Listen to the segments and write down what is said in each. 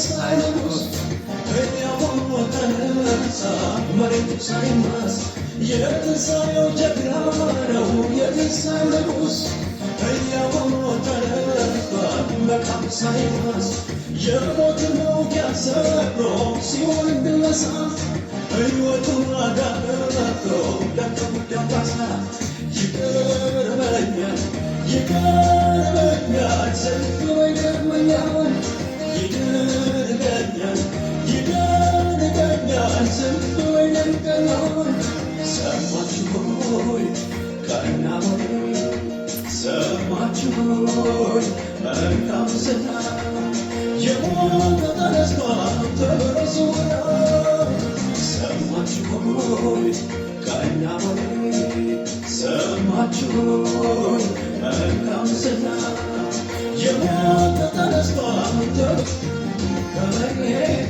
يتسامح جبرانه يتسامح هيا وطنا قدمك حمصيمس يموت الموجة سبروك سيول بالأسعف أيوة تنادى لك تبدا بسعف يكرمك يكرمك يا سيد ويدك من يعمل ይደንቀኛል ይደንቀኛል ስንቱ ይደንቀኛል ሰማችሁ ሆይ ቀናሆይ ሰማችሁ ሆይ መልካም ዜና የሞተ ተነስቷል ተብሎ ይወራል ሰማችሁ ሆይ ቀናሆይ ሰማችሁ ሆይ መልካም ዜና የሞተ ተነስቷል Come again.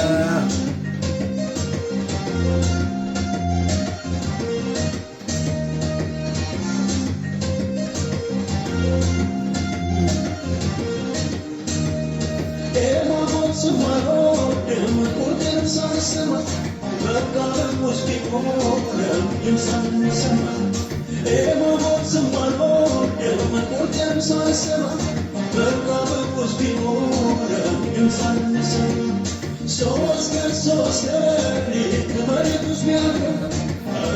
ሰማ መጋረም ውስጥ ሆነ ድምፃን ሰማ የመሞት ዝም አልሆነም መቆጨም ሳልሰማ መጋረም ውስጥ ሆነ ድምፃን ሰማ ሰው አስገር ሰው አስገር ከመሬት ውስጥ ቢያገር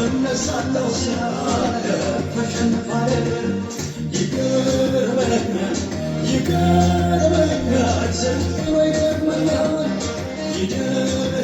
እነሳለው ስላለ ተሸንፋለ ይቅር በለኛ ይቅር በለኛ ዘንድሮ ይገርመኛል ይቅር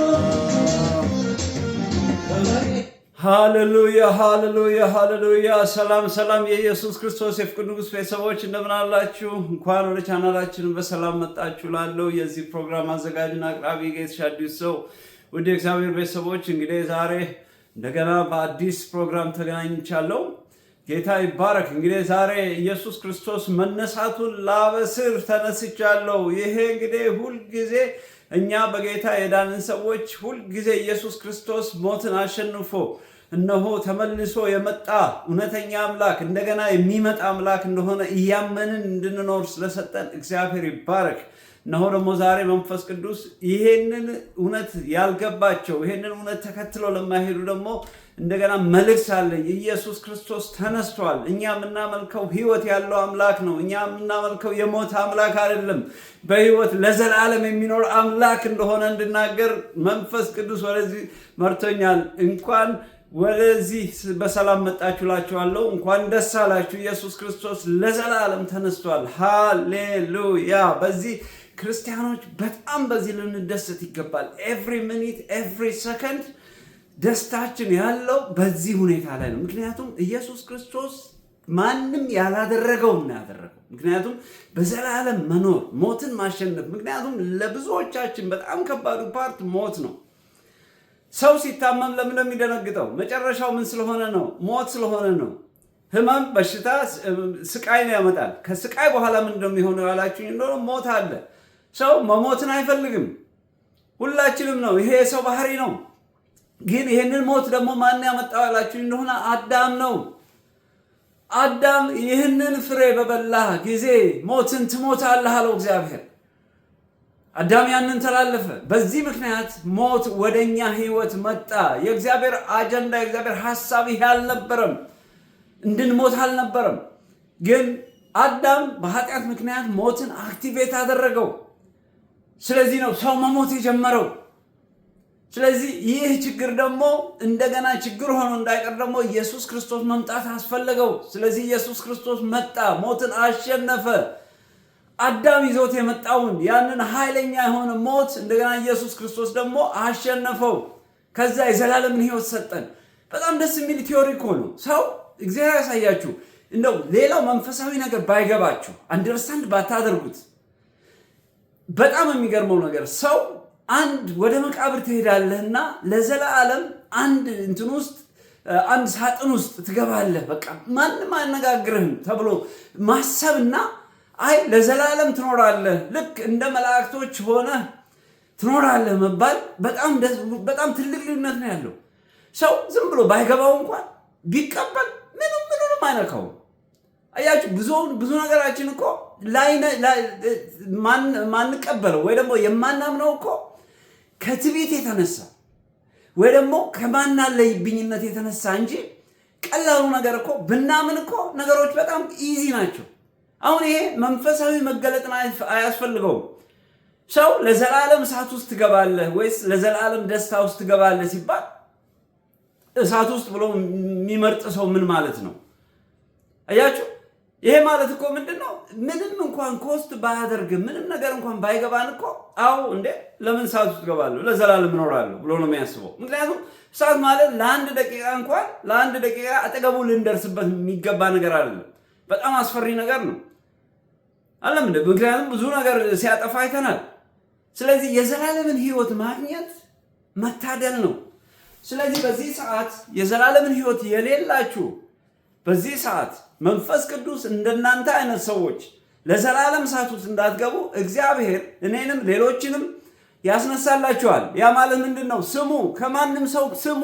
ሃሌሉያ ሃሌሉያ። ሰላም ሰላም፣ የኢየሱስ ክርስቶስ የፍቅር ንጉሥ ቤተሰቦች እንደምን አላችሁ? እንኳን ወደ ቻናላችን በሰላም መጣችሁ። ላለው የዚህ ፕሮግራም አዘጋጅና አቅራቢ ጌትሽ አዲስ ሰው ውድ እግዚአብሔር ቤተሰቦች እንግዲህ ዛሬ እንደገና በአዲስ ፕሮግራም ተገናኝቻለሁ። ጌታ ይባረክ። እንግዲህ ዛሬ ኢየሱስ ክርስቶስ መነሳቱን ላበስር ተነስቻለሁ። ይሄ እንግዲህ ሁልጊዜ እኛ በጌታ የዳንን ሰዎች ሁልጊዜ ኢየሱስ ክርስቶስ ሞትን አሸንፎ እነሆ ተመልሶ የመጣ እውነተኛ አምላክ እንደገና የሚመጣ አምላክ እንደሆነ እያመንን እንድንኖር ስለሰጠን እግዚአብሔር ይባረክ። እነሆ ደግሞ ዛሬ መንፈስ ቅዱስ ይሄንን እውነት ያልገባቸው ይሄንን እውነት ተከትሎ ለማይሄዱ ደግሞ እንደገና መልእክት አለኝ። ኢየሱስ ክርስቶስ ተነስቷል። እኛ የምናመልከው ሕይወት ያለው አምላክ ነው። እኛ የምናመልከው የሞት አምላክ አይደለም። በሕይወት ለዘላለም የሚኖር አምላክ እንደሆነ እንድናገር መንፈስ ቅዱስ ወደዚህ መርቶኛል። እንኳን ወደዚህ በሰላም መጣችሁ እላችኋለሁ። እንኳን ደስ አላችሁ። ኢየሱስ ክርስቶስ ለዘላለም ተነስቷል። ሃሌሉያ። በዚህ ክርስቲያኖች በጣም በዚህ ልንደሰት ይገባል። ኤቭሪ ሚኒት ኤቭሪ ሰከንድ ደስታችን ያለው በዚህ ሁኔታ ላይ ነው። ምክንያቱም ኢየሱስ ክርስቶስ ማንም ያላደረገውን ነው ያደረገው። ምክንያቱም በዘላለም መኖር ሞትን ማሸነፍ። ምክንያቱም ለብዙዎቻችን በጣም ከባዱ ፓርት ሞት ነው። ሰው ሲታመም ለምን ነው የሚደነግጠው? መጨረሻው ምን ስለሆነ ነው? ሞት ስለሆነ ነው። ህመም፣ በሽታ፣ ስቃይ ነው ያመጣል። ከስቃይ በኋላ ምን እንደሚሆነው ያላችሁ እንደሆነ ሞት አለ። ሰው መሞትን አይፈልግም። ሁላችንም ነው፣ ይሄ የሰው ባህሪ ነው። ግን ይህንን ሞት ደግሞ ማን ያመጣው ያላችሁ እንደሆነ አዳም ነው። አዳም ይህንን ፍሬ በበላ ጊዜ ሞትን ትሞታለህ አለው እግዚአብሔር። አዳም ያንን ተላለፈ። በዚህ ምክንያት ሞት ወደኛ ህይወት መጣ። የእግዚአብሔር አጀንዳ የእግዚአብሔር ሀሳብ ይሄ አልነበረም፣ እንድንሞት አልነበረም። ግን አዳም በኃጢአት ምክንያት ሞትን አክቲቬት አደረገው። ስለዚህ ነው ሰው መሞት የጀመረው። ስለዚህ ይህ ችግር ደግሞ እንደገና ችግር ሆኖ እንዳይቀር ደግሞ ኢየሱስ ክርስቶስ መምጣት አስፈለገው። ስለዚህ ኢየሱስ ክርስቶስ መጣ፣ ሞትን አሸነፈ። አዳም ይዞት የመጣውን ያንን ኃይለኛ የሆነ ሞት እንደገና ኢየሱስ ክርስቶስ ደግሞ አሸነፈው። ከዛ የዘላለምን ህይወት ሰጠን። በጣም ደስ የሚል ቲዮሪ እኮ ነው። ሰው እግዚአብሔር ያሳያችሁ። እንደው ሌላው መንፈሳዊ ነገር ባይገባችሁ አንደርስታንድ ባታደርጉት በጣም የሚገርመው ነገር ሰው አንድ ወደ መቃብር ትሄዳለህና ለዘላለም አንድ እንትን ውስጥ አንድ ሳጥን ውስጥ ትገባለህ። በቃ ማንም አያነጋግርህም ተብሎ ማሰብና አይ ለዘላለም ትኖራለህ ልክ እንደ መላእክቶች ሆነ ትኖራለህ መባል በጣም ትልቅ ልዩነት ነው ያለው። ሰው ዝም ብሎ ባይገባው እንኳን ቢቀበል ምንም ምንንም አይነካው። አያችሁ ብዙ ነገራችን እኮ ማንቀበለው ወይ ደግሞ የማናምነው እኮ ከትቢት የተነሳ ወይ ደግሞ ከማናለይብኝነት የተነሳ እንጂ ቀላሉ ነገር እኮ ብናምን እኮ ነገሮች በጣም ኢዚ ናቸው። አሁን ይሄ መንፈሳዊ መገለጥን አያስፈልገውም። ሰው ለዘላለም እሳት ውስጥ ትገባለህ ወይስ ለዘላለም ደስታ ውስጥ ትገባለህ ሲባል እሳት ውስጥ ብሎ የሚመርጥ ሰው ምን ማለት ነው? አያችሁ፣ ይሄ ማለት እኮ ምንድን ነው? ምንም እንኳን ኮስት ባያደርግ ምንም ነገር እንኳን ባይገባን እኮ አዎ፣ እንዴ ለምን እሳት ውስጥ እገባለሁ ለዘላለም እኖራለሁ ብሎ ነው የሚያስበው። ምክንያቱም እሳት ማለት ለአንድ ደቂቃ እንኳን ለአንድ ደቂቃ አጠገቡ ልንደርስበት የሚገባ ነገር አይደለም። በጣም አስፈሪ ነገር ነው። አለም ምክንያቱም ብዙ ነገር ሲያጠፋ አይተናል። ስለዚህ የዘላለምን ህይወት ማግኘት መታደል ነው። ስለዚህ በዚህ ሰዓት የዘላለምን ህይወት የሌላችሁ በዚህ ሰዓት መንፈስ ቅዱስ እንደናንተ አይነት ሰዎች ለዘላለም እሳት ውስጥ እንዳትገቡ እግዚአብሔር እኔንም ሌሎችንም ያስነሳላችኋል። ያ ማለት ምንድን ነው? ስሙ፣ ከማንም ሰው ስሙ።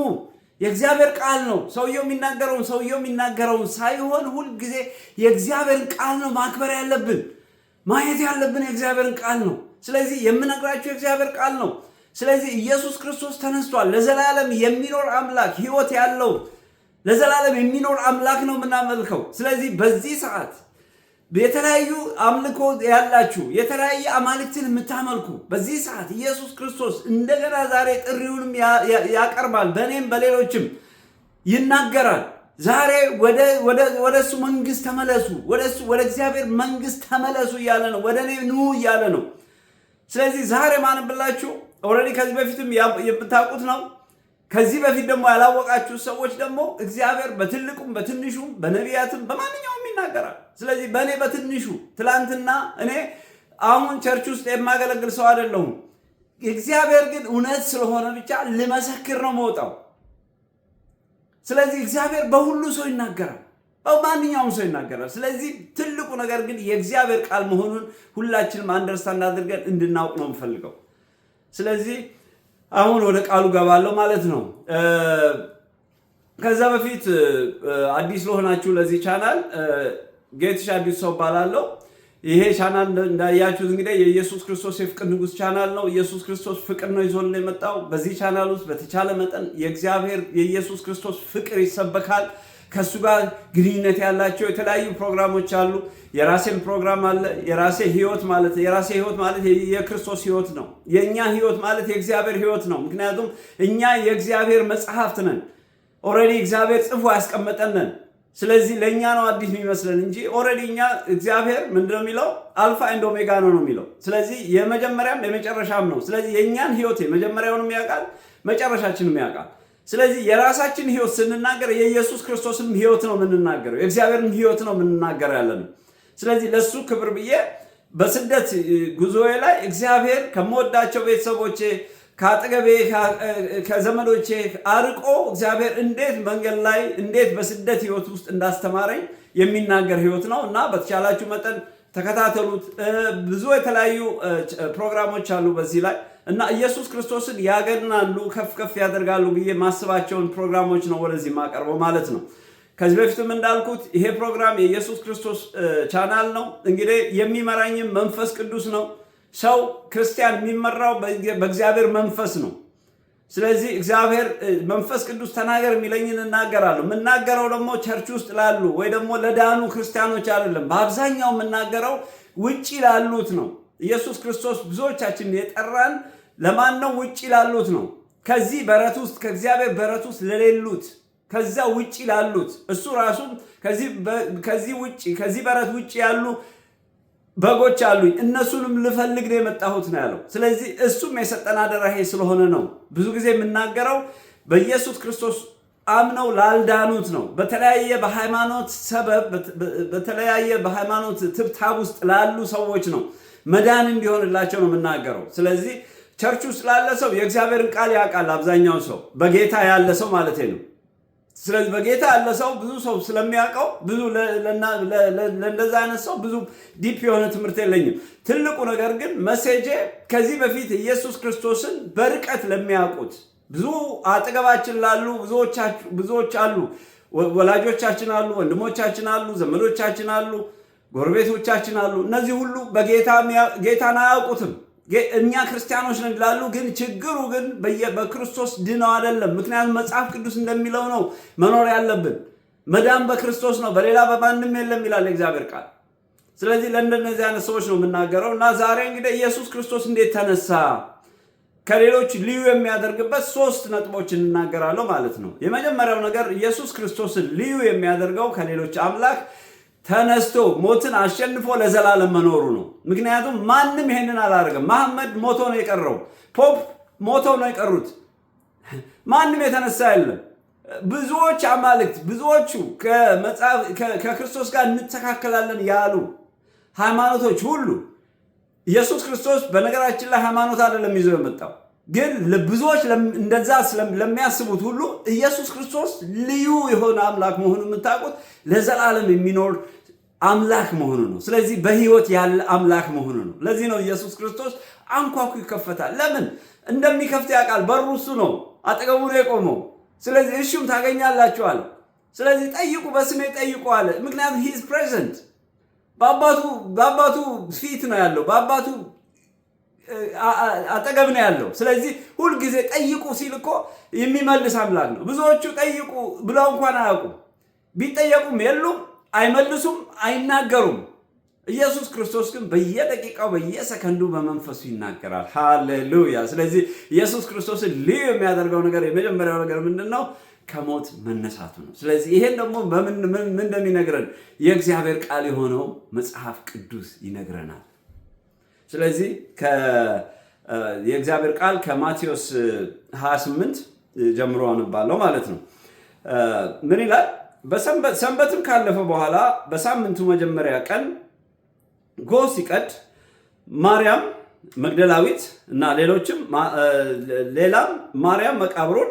የእግዚአብሔር ቃል ነው። ሰውየው የሚናገረውን ሰውየው የሚናገረውን ሳይሆን ሁልጊዜ የእግዚአብሔርን ቃል ነው ማክበር ያለብን። ማየት ያለብን የእግዚአብሔርን ቃል ነው። ስለዚህ የምነግራችሁ የእግዚአብሔር ቃል ነው። ስለዚህ ኢየሱስ ክርስቶስ ተነስቷል። ለዘላለም የሚኖር አምላክ ህይወት ያለው ለዘላለም የሚኖር አምላክ ነው የምናመልከው። ስለዚህ በዚህ ሰዓት የተለያዩ አምልኮ ያላችሁ የተለያየ አማልክትን የምታመልኩ በዚህ ሰዓት ኢየሱስ ክርስቶስ እንደገና ዛሬ ጥሪውንም ያቀርባል። በእኔም በሌሎችም ይናገራል። ዛሬ ወደ እሱ መንግስት ተመለሱ፣ ወደ እግዚአብሔር መንግስት ተመለሱ እያለ ነው። ወደ እኔ ኑ እያለ ነው። ስለዚህ ዛሬ ማንብላችሁ ኦልሬዲ ከዚህ በፊትም የምታውቁት ነው። ከዚህ በፊት ደግሞ ያላወቃችሁ ሰዎች ደግሞ እግዚአብሔር በትልቁም በትንሹም በነቢያትም በማንኛውም ይናገራል። ስለዚህ በእኔ በትንሹ ትላንትና እኔ አሁን ቸርች ውስጥ የማገለግል ሰው አይደለሁም። እግዚአብሔር ግን እውነት ስለሆነ ብቻ ልመሰክር ነው መውጣው። ስለዚህ እግዚአብሔር በሁሉ ሰው ይናገራል፣ በማንኛውም ሰው ይናገራል። ስለዚህ ትልቁ ነገር ግን የእግዚአብሔር ቃል መሆኑን ሁላችንም አንደርስታንድ አድርገን እንድናውቅ ነው የምፈልገው። ስለዚህ አሁን ወደ ቃሉ ገባለሁ ማለት ነው። ከዛ በፊት አዲስ ለሆናችሁ ለዚህ ቻናል ጌትሽ አዲስ ሰው እባላለሁ። ይሄ ቻናል እንዳያችሁት እንግዲህ የኢየሱስ ክርስቶስ የፍቅር ንጉስ ቻናል ነው። ኢየሱስ ክርስቶስ ፍቅር ነው ይዞልን የመጣው። በዚህ ቻናል ውስጥ በተቻለ መጠን የእግዚአብሔር የኢየሱስ ክርስቶስ ፍቅር ይሰበካል። ከእሱ ጋር ግንኙነት ያላቸው የተለያዩ ፕሮግራሞች አሉ። የራሴን ፕሮግራም አለ። የራሴ ህይወት ማለት የራሴ ህይወት ማለት የክርስቶስ ህይወት ነው። የእኛ ህይወት ማለት የእግዚአብሔር ህይወት ነው። ምክንያቱም እኛ የእግዚአብሔር መጽሐፍት ነን። ኦልሬዲ እግዚአብሔር ጽፎ ያስቀመጠነን ስለዚህ ለእኛ ነው አዲስ የሚመስለን እንጂ ኦልሬዲ እኛ እግዚአብሔር ምንድን ነው የሚለው አልፋ ኤንድ ኦሜጋ ነው ነው የሚለው። ስለዚህ የመጀመሪያም የመጨረሻም ነው። ስለዚህ የእኛን ህይወት የመጀመሪያውንም ያውቃል፣ መጨረሻችንም ያውቃል። ስለዚህ የራሳችን ህይወት ስንናገር የኢየሱስ ክርስቶስን ህይወት ነው የምንናገረው፣ የእግዚአብሔርን ህይወት ነው የምንናገር ያለን። ስለዚህ ለእሱ ክብር ብዬ በስደት ጉዞዬ ላይ እግዚአብሔር ከምወዳቸው ቤተሰቦቼ ከአጠገቤ ከዘመዶቼ አርቆ እግዚአብሔር እንዴት መንገድ ላይ እንዴት በስደት ህይወት ውስጥ እንዳስተማረኝ የሚናገር ህይወት ነው እና በተቻላችሁ መጠን ተከታተሉት። ብዙ የተለያዩ ፕሮግራሞች አሉ በዚህ ላይ እና ኢየሱስ ክርስቶስን ያገናሉ፣ ከፍ ከፍ ያደርጋሉ ብዬ ማስባቸውን ፕሮግራሞች ነው ወደዚህ ማቀርበው ማለት ነው። ከዚህ በፊትም እንዳልኩት ይሄ ፕሮግራም የኢየሱስ ክርስቶስ ቻናል ነው። እንግዲህ የሚመራኝም መንፈስ ቅዱስ ነው። ሰው ክርስቲያን የሚመራው በእግዚአብሔር መንፈስ ነው። ስለዚህ እግዚአብሔር መንፈስ ቅዱስ ተናገር የሚለኝን እናገራለሁ። የምናገረው ደግሞ ቸርች ውስጥ ላሉ ወይ ደግሞ ለዳኑ ክርስቲያኖች አይደለም። በአብዛኛው የምናገረው ውጪ ላሉት ነው። ኢየሱስ ክርስቶስ ብዙዎቻችን የጠራን ለማን ነው? ውጪ ላሉት ነው። ከዚህ በረት ውስጥ ከእግዚአብሔር በረት ውስጥ ለሌሉት ከዛ ውጪ ላሉት እሱ ራሱም ከዚህ ውጪ ከዚህ በረት ውጭ ያሉ በጎች አሉኝ እነሱንም ልፈልግ ነው የመጣሁት ነው ያለው። ስለዚህ እሱም የሰጠን አደራሄ ስለሆነ ነው ብዙ ጊዜ የምናገረው በኢየሱስ ክርስቶስ አምነው ላልዳኑት ነው። በተለያየ በሃይማኖት ሰበብ በተለያየ በሃይማኖት ትብታብ ውስጥ ላሉ ሰዎች ነው መዳን እንዲሆንላቸው ነው የምናገረው። ስለዚህ ቸርች ውስጥ ላለ ሰው የእግዚአብሔርን ቃል ያውቃል አብዛኛው ሰው በጌታ ያለ ሰው ማለት ነው። ስለዚህ በጌታ ያለ ሰው ብዙ ሰው ስለሚያውቀው ብዙ ለእንደዛ አይነት ሰው ብዙ ዲፕ የሆነ ትምህርት የለኝም። ትልቁ ነገር ግን መሴጄ ከዚህ በፊት ኢየሱስ ክርስቶስን በርቀት ለሚያውቁት ብዙ አጠገባችን ላሉ ብዙዎች አሉ፣ ወላጆቻችን አሉ፣ ወንድሞቻችን አሉ፣ ዘመዶቻችን አሉ፣ ጎረቤቶቻችን አሉ። እነዚህ ሁሉ በጌታን አያውቁትም። እኛ ክርስቲያኖች ነን ይላሉ። ግን ችግሩ ግን በክርስቶስ ድነው አይደለም። ምክንያቱም መጽሐፍ ቅዱስ እንደሚለው ነው መኖር ያለብን። መዳን በክርስቶስ ነው፣ በሌላ በማንም የለም ይላል እግዚአብሔር ቃል። ስለዚህ ለእንደነዚህ አይነት ሰዎች ነው የምናገረው። እና ዛሬ እንግዲህ ኢየሱስ ክርስቶስ እንዴት ተነሳ ከሌሎች ልዩ የሚያደርግበት ሶስት ነጥቦች እናገራለሁ ማለት ነው። የመጀመሪያው ነገር ኢየሱስ ክርስቶስን ልዩ የሚያደርገው ከሌሎች አምላክ ተነስቶ ሞትን አሸንፎ ለዘላለም መኖሩ ነው። ምክንያቱም ማንም ይሄንን አላደረገም። መሐመድ ሞቶ ነው የቀረው። ፖፕ ሞቶ ነው የቀሩት። ማንም የተነሳ የለም። ብዙዎች አማልክት ብዙዎቹ ከክርስቶስ ጋር እንተካከላለን ያሉ ሃይማኖቶች ሁሉ ኢየሱስ ክርስቶስ በነገራችን ላይ ሃይማኖት አይደለም ይዞ የመጣው ግን ብዙዎች እንደዛ ለሚያስቡት ሁሉ ኢየሱስ ክርስቶስ ልዩ የሆነ አምላክ መሆኑ የምታውቁት ለዘላለም የሚኖር አምላክ መሆኑ ነው። ስለዚህ በህይወት ያለ አምላክ መሆኑ ነው። ለዚህ ነው ኢየሱስ ክርስቶስ አንኳኩ ይከፈታል። ለምን እንደሚከፍት ያውቃል። በሩ እሱ ነው፣ አጠገቡ ነው የቆመው። ስለዚህ እሹም ታገኛላችኋል። ስለዚህ ጠይቁ፣ በስሜ ጠይቁ አለ። ምክንያቱም ሂዝ ፕሬዘንት በአባቱ ፊት ነው ያለው፣ በአባቱ አጠገብ ነው ያለው። ስለዚህ ሁልጊዜ ጠይቁ ሲል እኮ የሚመልስ አምላክ ነው። ብዙዎቹ ጠይቁ ብለው እንኳን አያውቁ፣ ቢጠየቁም የሉም አይመልሱም፣ አይናገሩም። ኢየሱስ ክርስቶስ ግን በየደቂቃው በየሰከንዱ በመንፈሱ ይናገራል። ሃሌሉያ! ስለዚህ ኢየሱስ ክርስቶስን ልዩ የሚያደርገው ነገር የመጀመሪያው ነገር ምንድን ነው? ከሞት መነሳቱ ነው። ስለዚህ ይሄን ደግሞ ምን እንደሚነግረን የእግዚአብሔር ቃል የሆነው መጽሐፍ ቅዱስ ይነግረናል። ስለዚህ የእግዚአብሔር ቃል ከማቴዎስ 28 ጀምሮ አንባለው ማለት ነው ምን ይላል? ሰንበትም ካለፈ በኋላ በሳምንቱ መጀመሪያ ቀን ጎ ሲቀድ ማርያም መግደላዊት እና ሌሎችም ሌላም ማርያም መቃብሩን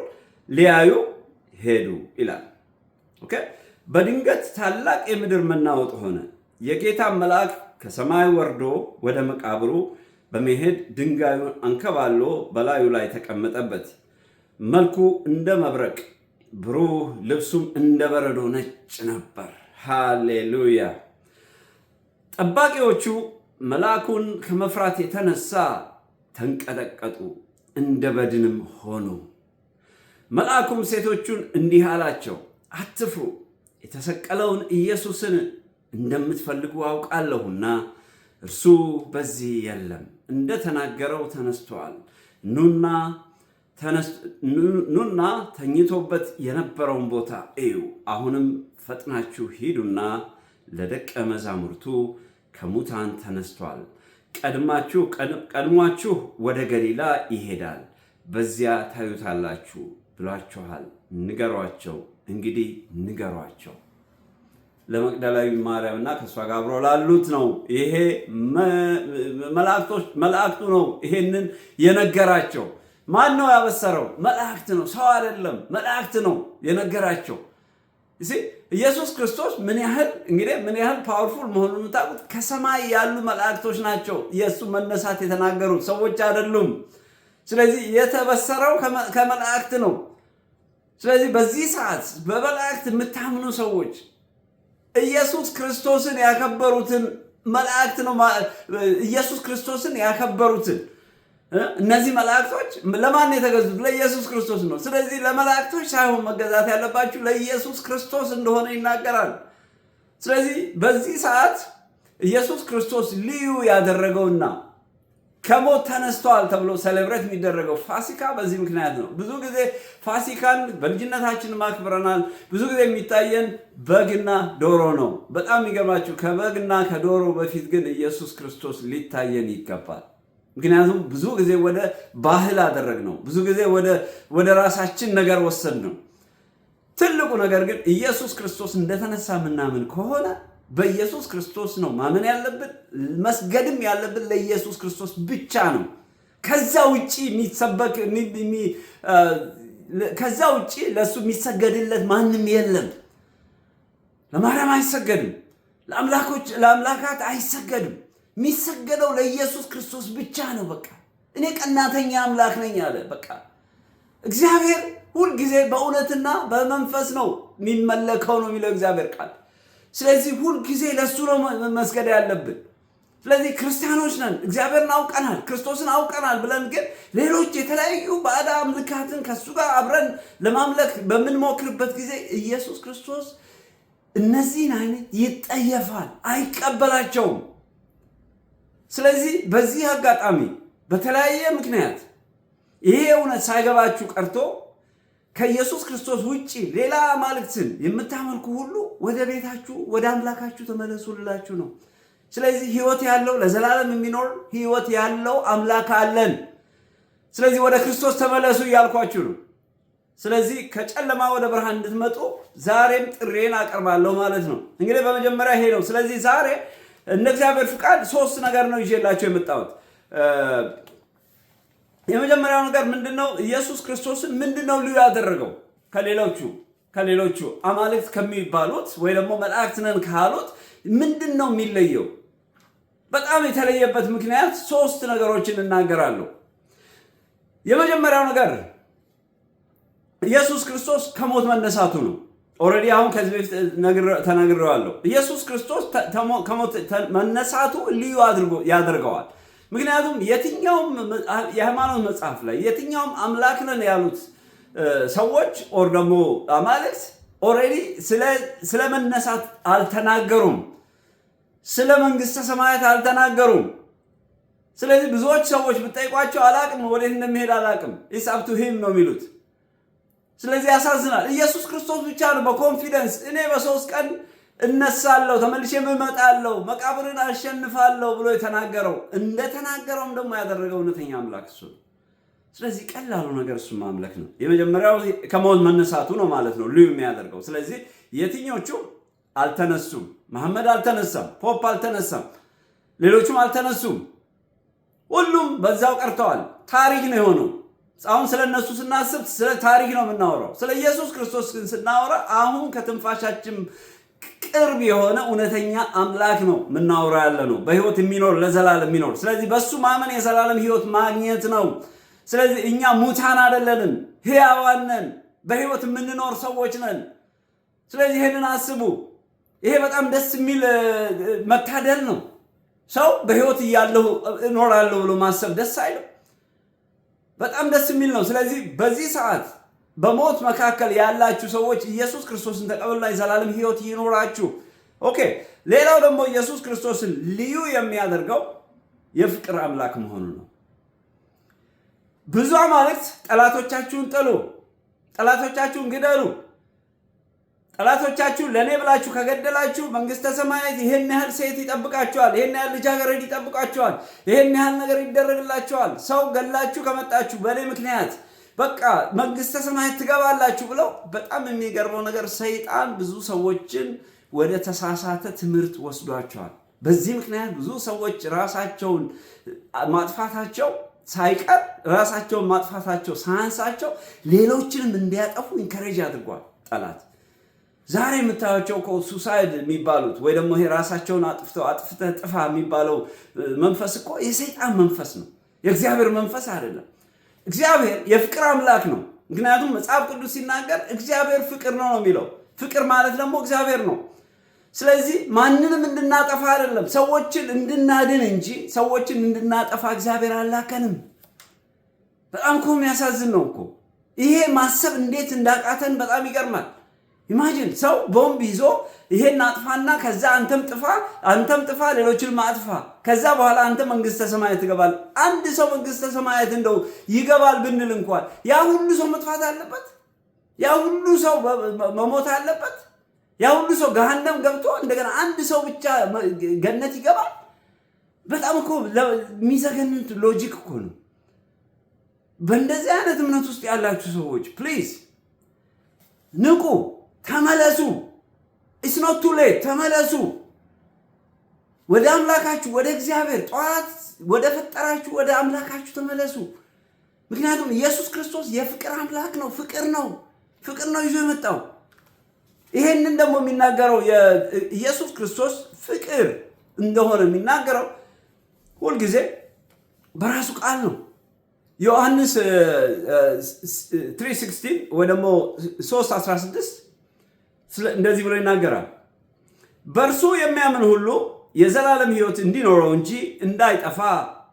ሊያዩ ሄዱ ይላል። ኦኬ። በድንገት ታላቅ የምድር መናወጥ ሆነ። የጌታ መልአክ ከሰማይ ወርዶ ወደ መቃብሩ በመሄድ ድንጋዩን አንከባሎ በላዩ ላይ ተቀመጠበት። መልኩ እንደ መብረቅ ብሩህ፣ ልብሱም እንደ በረዶ ነጭ ነበር። ሃሌሉያ! ጠባቂዎቹ መልአኩን ከመፍራት የተነሳ ተንቀጠቀጡ፣ እንደ በድንም ሆኑ። መልአኩም ሴቶቹን እንዲህ አላቸው፣ አትፍሩ፣ የተሰቀለውን ኢየሱስን እንደምትፈልጉ አውቃለሁና እርሱ በዚህ የለም፣ እንደተናገረው ተነስቷል። ኑና ኑና ተኝቶበት የነበረውን ቦታ እዩ። አሁንም ፈጥናችሁ ሂዱና ለደቀ መዛሙርቱ ከሙታን ተነስቷል፣ ቀድማችሁ ቀድሟችሁ ወደ ገሊላ ይሄዳል፣ በዚያ ታዩታላችሁ ብሏችኋል ንገሯቸው። እንግዲህ ንገሯቸው ለመቅደላዊ ማርያምና ከእሷ ጋር አብረው ላሉት ነው። ይሄ መላእክቱ ነው ይሄንን የነገራቸው። ማን ነው ያበሰረው? መላእክት ነው፣ ሰው አይደለም። መላእክት ነው የነገራቸው። ኢየሱስ ክርስቶስ ምን ያህል እንግዲህ ምን ያህል ፓወርፉል መሆኑን የምታውቁት ከሰማይ ያሉ መላእክቶች ናቸው የእሱ መነሳት የተናገሩት ሰዎች አይደሉም። ስለዚህ የተበሰረው ከመላእክት ነው። ስለዚህ በዚህ ሰዓት በመላእክት የምታምኑ ሰዎች ኢየሱስ ክርስቶስን ያከበሩትን መላእክት ነው ኢየሱስ ክርስቶስን ያከበሩትን እነዚህ መላእክቶች ለማን የተገዙት? ለኢየሱስ ክርስቶስ ነው። ስለዚህ ለመላእክቶች ሳይሆን መገዛት ያለባችሁ ለኢየሱስ ክርስቶስ እንደሆነ ይናገራል። ስለዚህ በዚህ ሰዓት ኢየሱስ ክርስቶስ ልዩ ያደረገውና ከሞት ተነስተዋል ተብሎ ሴሌብሬት የሚደረገው ፋሲካ በዚህ ምክንያት ነው። ብዙ ጊዜ ፋሲካን በልጅነታችን ማክብረናል። ብዙ ጊዜ የሚታየን በግና ዶሮ ነው። በጣም የሚገርማችሁ ከበግና ከዶሮ በፊት ግን ኢየሱስ ክርስቶስ ሊታየን ይገባል። ምክንያቱም ብዙ ጊዜ ወደ ባህል አደረግ ነው። ብዙ ጊዜ ወደ ራሳችን ነገር ወሰድ ነው። ትልቁ ነገር ግን ኢየሱስ ክርስቶስ እንደተነሳ ምናምን ከሆነ በኢየሱስ ክርስቶስ ነው ማመን ያለብን። መስገድም ያለብን ለኢየሱስ ክርስቶስ ብቻ ነው። ከዛ ውጭ የሚሰበክ ከዛ ውጭ ለእሱ የሚሰገድለት ማንም የለም። ለማርያም አይሰገድም፣ ለአምላካት አይሰገድም። የሚሰገደው ለኢየሱስ ክርስቶስ ብቻ ነው። በቃ እኔ ቀናተኛ አምላክ ነኝ አለ። በቃ እግዚአብሔር ሁልጊዜ በእውነትና በመንፈስ ነው የሚመለከው ነው የሚለው እግዚአብሔር ቃል። ስለዚህ ሁልጊዜ ለእሱ ነው መስገድ ያለብን። ስለዚህ ክርስቲያኖች ነን፣ እግዚአብሔርን አውቀናል፣ ክርስቶስን አውቀናል ብለን ግን ሌሎች የተለያዩ ባዕድ አምልካትን ከእሱ ጋር አብረን ለማምለክ በምንሞክርበት ጊዜ ኢየሱስ ክርስቶስ እነዚህን አይነት ይጠየፋል፣ አይቀበላቸውም። ስለዚህ በዚህ አጋጣሚ በተለያየ ምክንያት ይሄ እውነት ሳይገባችሁ ቀርቶ ከኢየሱስ ክርስቶስ ውጭ ሌላ አማልክትን የምታመልኩ ሁሉ ወደ ቤታችሁ ወደ አምላካችሁ ተመለሱ ልላችሁ ነው። ስለዚህ ሕይወት ያለው ለዘላለም የሚኖር ሕይወት ያለው አምላክ አለን። ስለዚህ ወደ ክርስቶስ ተመለሱ እያልኳችሁ ነው። ስለዚህ ከጨለማ ወደ ብርሃን እንድትመጡ ዛሬም ጥሬን አቀርባለሁ ማለት ነው። እንግዲህ በመጀመሪያ ይሄ ነው። ስለዚህ ዛሬ እነ እግዚአብሔር ፍቃድ ሶስት ነገር ነው ይዤላቸው የመጣሁት። የመጀመሪያው ነገር ምንድነው? ኢየሱስ ክርስቶስን ምንድነው ልዩ ያደረገው ከሌሎቹ ከሌሎቹ አማልክት ከሚባሉት ወይ ደግሞ መላእክት ነን ካሉት ምንድን ነው የሚለየው? በጣም የተለየበት ምክንያት ሶስት ነገሮችን እናገራለሁ። የመጀመሪያው ነገር ኢየሱስ ክርስቶስ ከሞት መነሳቱ ነው። ኦልሬዲ አሁን ከዚህ በፊት ተነግሬዋለሁ። ኢየሱስ ክርስቶስ መነሳቱ ልዩ አድርጎ ያደርገዋል። ምክንያቱም የትኛውም የሃይማኖት መጽሐፍ ላይ የትኛውም አምላክ ነን ያሉት ሰዎች ኦር ደግሞ አማልክት ኦልሬዲ ስለ መነሳት አልተናገሩም፣ ስለ መንግስተ ሰማያት አልተናገሩም። ስለዚህ ብዙዎች ሰዎች ብጠይቋቸው አላቅም፣ ወዴት እንደሚሄድ አላቅም፣ ኢስ አፕ ቱ ሂም ነው የሚሉት ስለዚህ ያሳዝናል። ኢየሱስ ክርስቶስ ብቻ ነው በኮንፊደንስ እኔ በሶስት ቀን እነሳለሁ ተመልሼ እመጣለሁ መቃብርን አሸንፋለሁ ብሎ የተናገረው እንደተናገረውም ደግሞ ያደረገው እውነተኛ አምላክ እሱ ነው። ስለዚህ ቀላሉ ነገር እሱ ማምለክ ነው። የመጀመሪያው ከሞት መነሳቱ ነው ማለት ነው ልዩ የሚያደርገው። ስለዚህ የትኞቹ አልተነሱም? መሐመድ አልተነሳም፣ ፖፕ አልተነሳም፣ ሌሎቹም አልተነሱም። ሁሉም በዛው ቀርተዋል። ታሪክ ነው የሆነው። አሁን ስለ እነሱ ስናስብ ስለ ታሪክ ነው የምናወራው። ስለ ኢየሱስ ክርስቶስ ግን ስናወራ አሁን ከትንፋሻችን ቅርብ የሆነ እውነተኛ አምላክ ነው የምናወራ ያለ ነው፣ በህይወት የሚኖር ለዘላለም የሚኖር። ስለዚህ በሱ ማመን የዘላለም ህይወት ማግኘት ነው። ስለዚህ እኛ ሙታን አይደለንም፣ ህያዋን ነን፣ በህይወት የምንኖር ሰዎች ነን። ስለዚህ ይህንን አስቡ። ይሄ በጣም ደስ የሚል መታደል ነው። ሰው በህይወት እያለሁ እኖራለሁ ብሎ ማሰብ ደስ አይለው። በጣም ደስ የሚል ነው። ስለዚህ በዚህ ሰዓት በሞት መካከል ያላችሁ ሰዎች ኢየሱስ ክርስቶስን ተቀበሉና የዘላለም ሕይወት ይኖራችሁ። ኦኬ። ሌላው ደግሞ ኢየሱስ ክርስቶስን ልዩ የሚያደርገው የፍቅር አምላክ መሆኑ ነው። ብዙ አማልክት ጠላቶቻችሁን ጥሉ፣ ጠላቶቻችሁን ግደሉ ጠላቶቻችሁ ለእኔ ብላችሁ ከገደላችሁ መንግስተ ሰማያት ይህን ያህል ሴት ይጠብቃችኋል፣ ይህን ያህል ልጃገረድ ይጠብቃችኋል፣ ይህን ያህል ነገር ይደረግላችኋል። ሰው ገላችሁ ከመጣችሁ በእኔ ምክንያት በቃ መንግስተ ሰማያት ትገባላችሁ ብለው በጣም የሚገርመው ነገር ሰይጣን ብዙ ሰዎችን ወደ ተሳሳተ ትምህርት ወስዷቸዋል። በዚህ ምክንያት ብዙ ሰዎች ራሳቸውን ማጥፋታቸው ሳይቀር ራሳቸውን ማጥፋታቸው ሳያንሳቸው ሌሎችንም እንዲያጠፉ ኢንከሬጅ አድርጓል ጠላት። ዛሬ የምታያቸው እኮ ሱሳይድ የሚባሉት ወይ ደግሞ ይሄ ራሳቸውን አጥፍተው አጥፍተ ጥፋ የሚባለው መንፈስ እኮ የሰይጣን መንፈስ ነው፣ የእግዚአብሔር መንፈስ አይደለም። እግዚአብሔር የፍቅር አምላክ ነው። ምክንያቱም መጽሐፍ ቅዱስ ሲናገር እግዚአብሔር ፍቅር ነው ነው የሚለው። ፍቅር ማለት ደግሞ እግዚአብሔር ነው። ስለዚህ ማንንም እንድናጠፋ አይደለም፣ ሰዎችን እንድናድን እንጂ ሰዎችን እንድናጠፋ እግዚአብሔር አላከንም። በጣም እኮ የሚያሳዝን ነው እኮ ይሄ ማሰብ እንዴት እንዳቃተን በጣም ይገርማል። ኢማጂን ሰው ቦምብ ይዞ ይሄን አጥፋና ከዛ አንተም ጥፋ አንተም ጥፋ ሌሎችን ማጥፋ ከዛ በኋላ አንተ መንግስተ ሰማያት ትገባል። አንድ ሰው መንግስተ ሰማያት እንደው ይገባል ብንል እንኳን ያ ሁሉ ሰው መጥፋት አለበት? ያ ሁሉ ሰው መሞት አለበት? ያ ሁሉ ሰው ገሃነም ገብቶ እንደገና አንድ ሰው ብቻ ገነት ይገባል? በጣም እኮ የሚዘገንን ሎጂክ እኮ ነው። በእንደዚህ አይነት እምነት ውስጥ ያላችሁ ሰዎች ፕሊዝ ንቁ። ተመለሱ። ኢትስ ኖት ቱ ሌት ተመለሱ ወደ አምላካችሁ ወደ እግዚአብሔር ጠዋት ወደ ፈጠራችሁ ወደ አምላካችሁ ተመለሱ። ምክንያቱም ኢየሱስ ክርስቶስ የፍቅር አምላክ ነው። ፍቅር ነው፣ ፍቅር ነው ይዞ የመጣው። ይሄንን ደግሞ የሚናገረው ኢየሱስ ክርስቶስ ፍቅር እንደሆነ የሚናገረው ሁልጊዜ በራሱ ቃል ነው። ዮሐንስ 3 ወይ ደግሞ 16 እንደዚህ ብሎ ይናገራል። በእርሱ የሚያምን ሁሉ የዘላለም ሕይወት እንዲኖረው እንጂ እንዳይጠፋ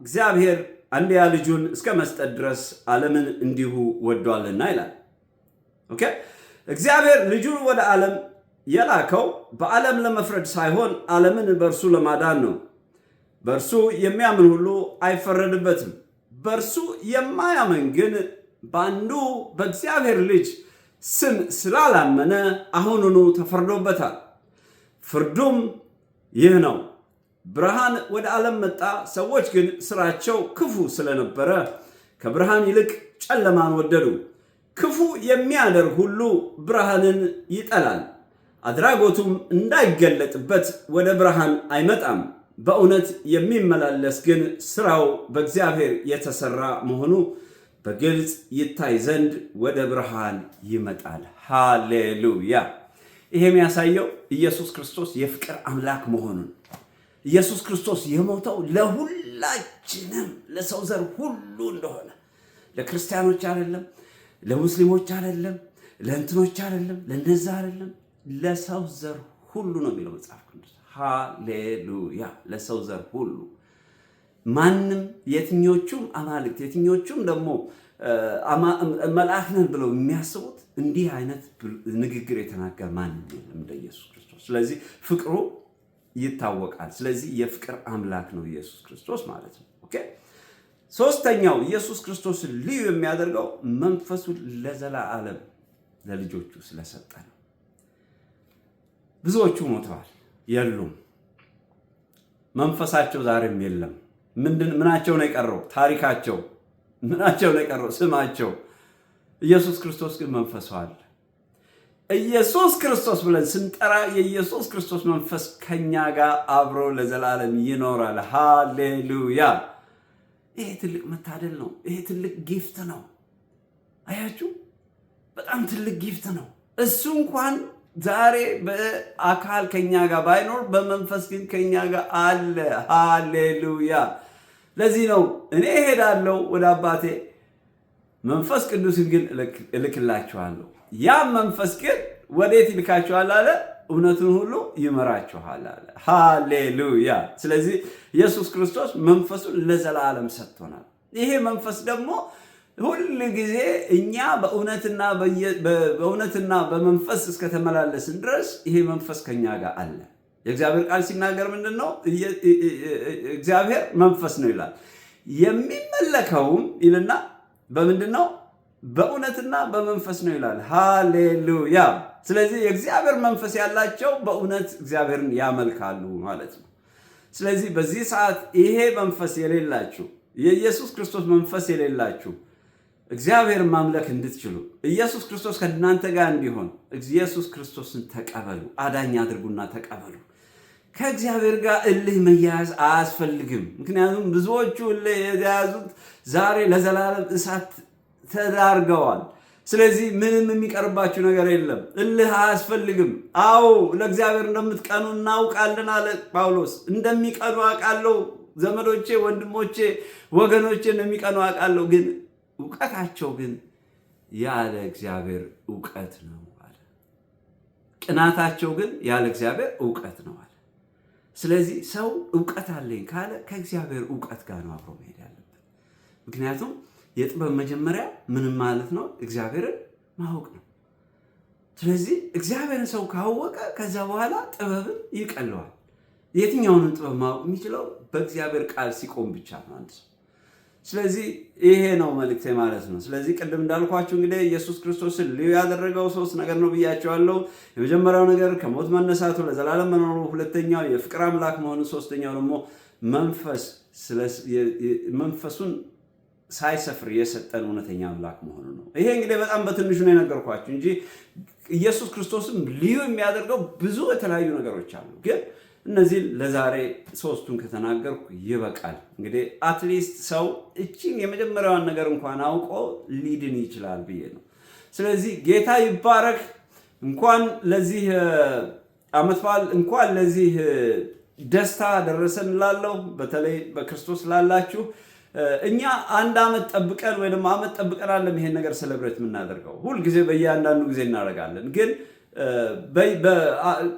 እግዚአብሔር አንድያ ልጁን እስከ መስጠት ድረስ ዓለምን እንዲሁ ወዷልና ይላል። ኦኬ እግዚአብሔር ልጁን ወደ ዓለም የላከው በዓለም ለመፍረድ ሳይሆን ዓለምን በእርሱ ለማዳን ነው። በእርሱ የሚያምን ሁሉ አይፈረድበትም። በእርሱ የማያምን ግን በአንዱ በእግዚአብሔር ልጅ ስም ስላላመነ አሁኑኑ ተፈርዶበታል። ፍርዱም ይህ ነው። ብርሃን ወደ ዓለም መጣ፣ ሰዎች ግን ስራቸው ክፉ ስለነበረ ከብርሃን ይልቅ ጨለማን ወደዱ። ክፉ የሚያደርግ ሁሉ ብርሃንን ይጠላል፣ አድራጎቱም እንዳይገለጥበት ወደ ብርሃን አይመጣም። በእውነት የሚመላለስ ግን ስራው በእግዚአብሔር የተሰራ መሆኑ በግልጽ ይታይ ዘንድ ወደ ብርሃን ይመጣል። ሃሌሉያ! ይሄ የሚያሳየው ኢየሱስ ክርስቶስ የፍቅር አምላክ መሆኑን ኢየሱስ ክርስቶስ የሞተው ለሁላችንም ለሰው ዘር ሁሉ እንደሆነ ለክርስቲያኖች አይደለም፣ ለሙስሊሞች አይደለም፣ ለእንትኖች አይደለም፣ ለነዛ አይደለም፣ ለሰው ዘር ሁሉ ነው የሚለው መጽሐፍ ቅዱስ። ሃሌሉያ! ለሰው ዘር ሁሉ ማንም የትኞቹም አማልክት የትኞቹም ደግሞ መልአክ ነን ብለው የሚያስቡት እንዲህ አይነት ንግግር የተናገረ ማንም የለም እንደ ኢየሱስ ክርስቶስ። ስለዚህ ፍቅሩ ይታወቃል። ስለዚህ የፍቅር አምላክ ነው ኢየሱስ ክርስቶስ ማለት ነው። ኦኬ ሶስተኛው ኢየሱስ ክርስቶስን ልዩ የሚያደርገው መንፈሱን ዓለም ለልጆቹ ስለሰጠ ነው። ብዙዎቹ ሞተዋል፣ የሉም። መንፈሳቸው ዛሬም የለም። ምንድን ምናቸው ነው የቀረው? ታሪካቸው ምናቸው ነው የቀረው? ስማቸው። ኢየሱስ ክርስቶስ ግን መንፈሰዋል። ኢየሱስ ክርስቶስ ብለን ስንጠራ የኢየሱስ ክርስቶስ መንፈስ ከኛ ጋር አብሮ ለዘላለም ይኖራል። ሃሌሉያ! ይሄ ትልቅ መታደል ነው። ይሄ ትልቅ ጊፍት ነው። አያችሁ፣ በጣም ትልቅ ጊፍት ነው። እሱ እንኳን ዛሬ በአካል ከኛ ጋር ባይኖር በመንፈስ ግን ከኛ ጋር አለ። ሃሌሉያ! ለዚህ ነው እኔ እሄዳለሁ ወደ አባቴ መንፈስ ቅዱስን ግን እልክላችኋለሁ። ያም መንፈስ ግን ወዴት ይልካችኋል አለ እውነቱን ሁሉ ይመራችኋል አለ። ሃሌሉያ! ስለዚህ ኢየሱስ ክርስቶስ መንፈሱን ለዘላለም ሰጥቶናል። ይሄ መንፈስ ደግሞ ሁል ጊዜ እኛ በእውነትና በመንፈስ እስከተመላለስን ድረስ ይሄ መንፈስ ከኛ ጋር አለ። የእግዚአብሔር ቃል ሲናገር ምንድን ነው? እግዚአብሔር መንፈስ ነው ይላል። የሚመለከውም ይልና በምንድን ነው? በእውነትና በመንፈስ ነው ይላል። ሃሌሉያ። ስለዚህ የእግዚአብሔር መንፈስ ያላቸው በእውነት እግዚአብሔርን ያመልካሉ ማለት ነው። ስለዚህ በዚህ ሰዓት ይሄ መንፈስ የሌላችሁ የኢየሱስ ክርስቶስ መንፈስ የሌላችሁ እግዚአብሔር ማምለክ እንድትችሉ ኢየሱስ ክርስቶስ ከእናንተ ጋር እንዲሆን ኢየሱስ ክርስቶስን ተቀበሉ፣ አዳኝ አድርጉና ተቀበሉ። ከእግዚአብሔር ጋር እልህ መያያዝ አያስፈልግም። ምክንያቱም ብዙዎቹ እልህ የተያዙት ዛሬ ለዘላለም እሳት ተዳርገዋል። ስለዚህ ምንም የሚቀርባችሁ ነገር የለም። እልህ አያስፈልግም። አዎ ለእግዚአብሔር እንደምትቀኑ እናውቃለን አለ ጳውሎስ። እንደሚቀኑ አውቃለሁ ዘመዶቼ፣ ወንድሞቼ፣ ወገኖቼ እንደሚቀኑ አውቃለሁ ግን እውቀታቸው ግን ያለ እግዚአብሔር እውቀት ነው አለ። ቅናታቸው ግን ያለ እግዚአብሔር እውቀት ነው አለ። ስለዚህ ሰው እውቀት አለኝ ካለ ከእግዚአብሔር እውቀት ጋር ነው አብሮ መሄድ ያለበት። ምክንያቱም የጥበብ መጀመሪያ ምንም ማለት ነው? እግዚአብሔርን ማወቅ ነው። ስለዚህ እግዚአብሔርን ሰው ካወቀ ከዛ በኋላ ጥበብን ይቀለዋል። የትኛውንም ጥበብ ማወቅ የሚችለው በእግዚአብሔር ቃል ሲቆም ብቻ ነው አንድ ሰው ስለዚህ ይሄ ነው መልእክቴ ማለት ነው። ስለዚህ ቅድም እንዳልኳችሁ እንግዲህ ኢየሱስ ክርስቶስን ልዩ ያደረገው ሶስት ነገር ነው ብያቸዋለሁ። የመጀመሪያው ነገር ከሞት መነሳቱ፣ ለዘላለም መኖሩ፣ ሁለተኛው የፍቅር አምላክ መሆኑ፣ ሶስተኛው ደግሞ መንፈሱን ሳይሰፍር የሰጠን እውነተኛ አምላክ መሆኑ ነው። ይሄ እንግዲህ በጣም በትንሹ ነው የነገርኳችሁ እንጂ ኢየሱስ ክርስቶስም ልዩ የሚያደርገው ብዙ የተለያዩ ነገሮች አሉ ግን እነዚህን ለዛሬ ሶስቱን ከተናገርኩ ይበቃል። እንግዲህ አትሊስት ሰው እችን የመጀመሪያዋን ነገር እንኳን አውቆ ሊድን ይችላል ብዬ ነው። ስለዚህ ጌታ ይባረክ። እንኳን ለዚህ ዓመት በዓል እንኳን ለዚህ ደስታ ደረሰን ላለው በተለይ በክርስቶስ ላላችሁ እኛ አንድ ዓመት ጠብቀን ወይ ደግሞ ዓመት ጠብቀን አለም ይሄን ነገር ሴሌብሬት የምናደርገው ሁልጊዜ በየአንዳንዱ ጊዜ እናደርጋለን ግን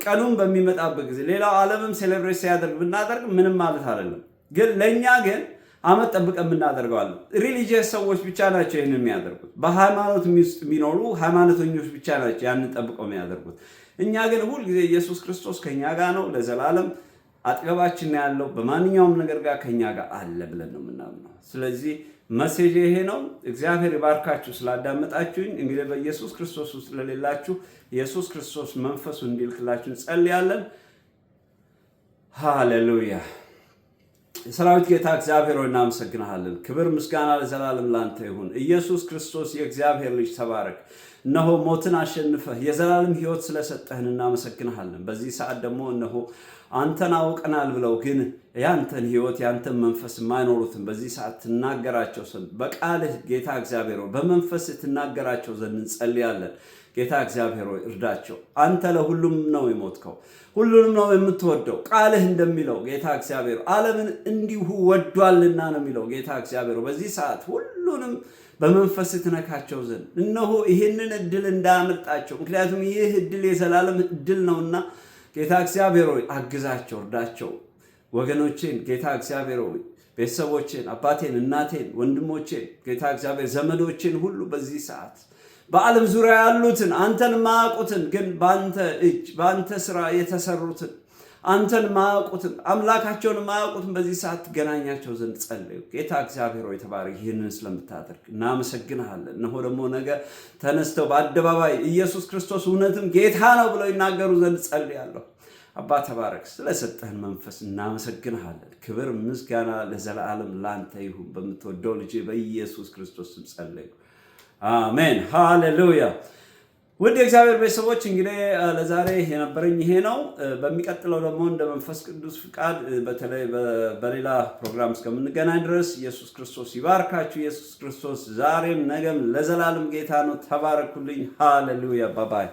ቀኑም በሚመጣበት ጊዜ ሌላው ዓለምም ሴሌብሬት ሲያደርግ ብናደርግ ምንም ማለት አይደለም። ግን ለእኛ ግን አመት ጠብቀን የምናደርገዋለን። ሪሊጂየስ ሰዎች ብቻ ናቸው ይህን የሚያደርጉት። በሃይማኖት ውስጥ የሚኖሩ ሃይማኖተኞች ብቻ ናቸው ያንን ጠብቀው የሚያደርጉት። እኛ ግን ሁልጊዜ ኢየሱስ ክርስቶስ ከእኛ ጋር ነው ለዘላለም አጥገባችን ያለው በማንኛውም ነገር ጋር ከኛ ጋር አለ ብለን ነው የምናምነው። ስለዚህ መሴጅ ይሄ ነው። እግዚአብሔር ይባርካችሁ ስላዳመጣችሁኝ። እንግዲህ በኢየሱስ ክርስቶስ ውስጥ ለሌላችሁ ኢየሱስ ክርስቶስ መንፈሱ እንዲልክላችሁ እንጸልያለን። ሃሌሉያ የሰራዊት ጌታ እግዚአብሔር ሆይ እናመሰግናሃለን። ክብር ምስጋና ለዘላለም ላንተ ይሁን። ኢየሱስ ክርስቶስ የእግዚአብሔር ልጅ ተባረክ። እነሆ ሞትን አሸንፈህ የዘላለም ሕይወት ስለሰጠህን እናመሰግናሃለን። በዚህ ሰዓት ደግሞ እነሆ አንተን አውቀናል ብለው ግን ያንተን ሕይወት ያንተን መንፈስ የማይኖሩትን በዚህ ሰዓት ትናገራቸው ዘንድ በቃልህ ጌታ እግዚአብሔር በመንፈስ ትናገራቸው ዘንድ እንጸልያለን። ጌታ እግዚአብሔር ሆይ እርዳቸው። አንተ ለሁሉም ነው የሞትከው፣ ሁሉንም ነው የምትወደው። ቃልህ እንደሚለው ጌታ እግዚአብሔር ዓለምን እንዲሁ ወዷልና ነው የሚለው ጌታ እግዚአብሔር። በዚህ ሰዓት ሁሉንም በመንፈስ ትነካቸው ዘንድ እነሆ ይህንን እድል እንዳያመልጣቸው፣ ምክንያቱም ይህ እድል የዘላለም እድል ነውና ጌታ እግዚአብሔር ሆይ አግዛቸው፣ እርዳቸው። ወገኖቼን ጌታ እግዚአብሔር ሆይ ቤተሰቦቼን፣ አባቴን፣ እናቴን፣ ወንድሞቼን ጌታ እግዚአብሔር ዘመዶቼን ሁሉ በዚህ ሰዓት በዓለም ዙሪያ ያሉትን አንተን ማያውቁትን ግን በአንተ እጅ በአንተ ስራ የተሰሩትን አንተን ማያውቁትን አምላካቸውን ማያውቁትን በዚህ ሰዓት ትገናኛቸው ዘንድ ጸልዩ። ጌታ እግዚአብሔር ሆይ ተባረክ፣ ይህንን ስለምታደርግ እናመሰግንሃለን። እነሆ ደግሞ ነገ ተነስተው በአደባባይ ኢየሱስ ክርስቶስ እውነትም ጌታ ነው ብለው ይናገሩ ዘንድ ጸልያለሁ። አባ ተባረክ፣ ስለሰጠህን መንፈስ እናመሰግንሃለን። ክብር ምስጋና ለዘላለም ላንተ ይሁን። በምትወደው ልጅ በኢየሱስ ክርስቶስ ስም አሜን ሃሌሉያ። ውድ የእግዚአብሔር ቤተሰቦች እንግዲህ ለዛሬ የነበረኝ ይሄ ነው። በሚቀጥለው ደግሞ እንደ መንፈስ ቅዱስ ፍቃድ በተለይ በሌላ ፕሮግራም እስከምንገናኝ ድረስ ኢየሱስ ክርስቶስ ይባርካችሁ። ኢየሱስ ክርስቶስ ዛሬም ነገም ለዘላለም ጌታ ነው። ተባረኩልኝ። ሃሌሉያ ባባይ